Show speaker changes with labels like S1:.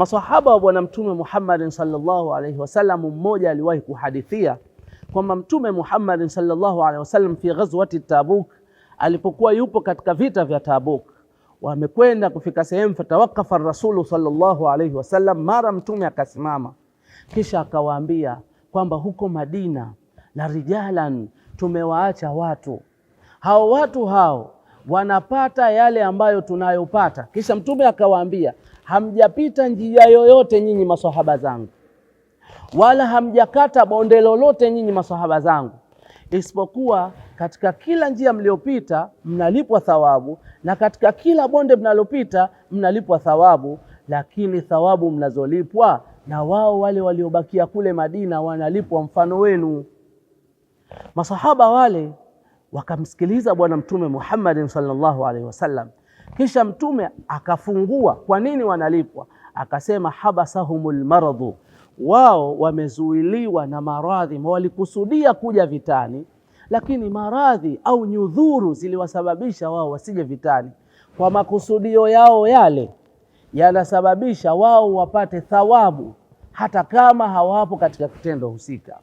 S1: Masahaba wa Bwana Mtume Muhammadin sallallahu alaihi wasallam, mmoja aliwahi kuhadithia kwamba Mtume Muhammad sallallahu alaihi wasallam fi ghazwati Tabuk, alipokuwa yupo katika vita vya Tabuk, wamekwenda kufika sehemu, fatawakafa rasulu sallallahu alaihi wasallam, mara Mtume akasimama, kisha akawaambia kwamba huko Madina la rijalan, tumewaacha watu hao, watu hao wanapata yale ambayo tunayopata. Kisha Mtume akawaambia, hamjapita njia yoyote nyinyi maswahaba zangu, wala hamjakata bonde lolote nyinyi maswahaba zangu, isipokuwa katika kila njia mliyopita mnalipwa thawabu, na katika kila bonde mnalopita mnalipwa thawabu, lakini thawabu mnazolipwa na wao wale waliobakia kule Madina wanalipwa mfano wenu. Masahaba wale wakamsikiliza Bwana Mtume Muhammadin sallallahu alaihi wasallam. Kisha Mtume akafungua kwa nini wanalipwa, akasema habasahumul maradhu, wao wamezuiliwa na maradhi. Walikusudia kuja vitani, lakini maradhi au nyudhuru ziliwasababisha wao wasije vitani. Kwa makusudio yao yale yanasababisha wao wapate thawabu hata kama hawapo katika kitendo husika.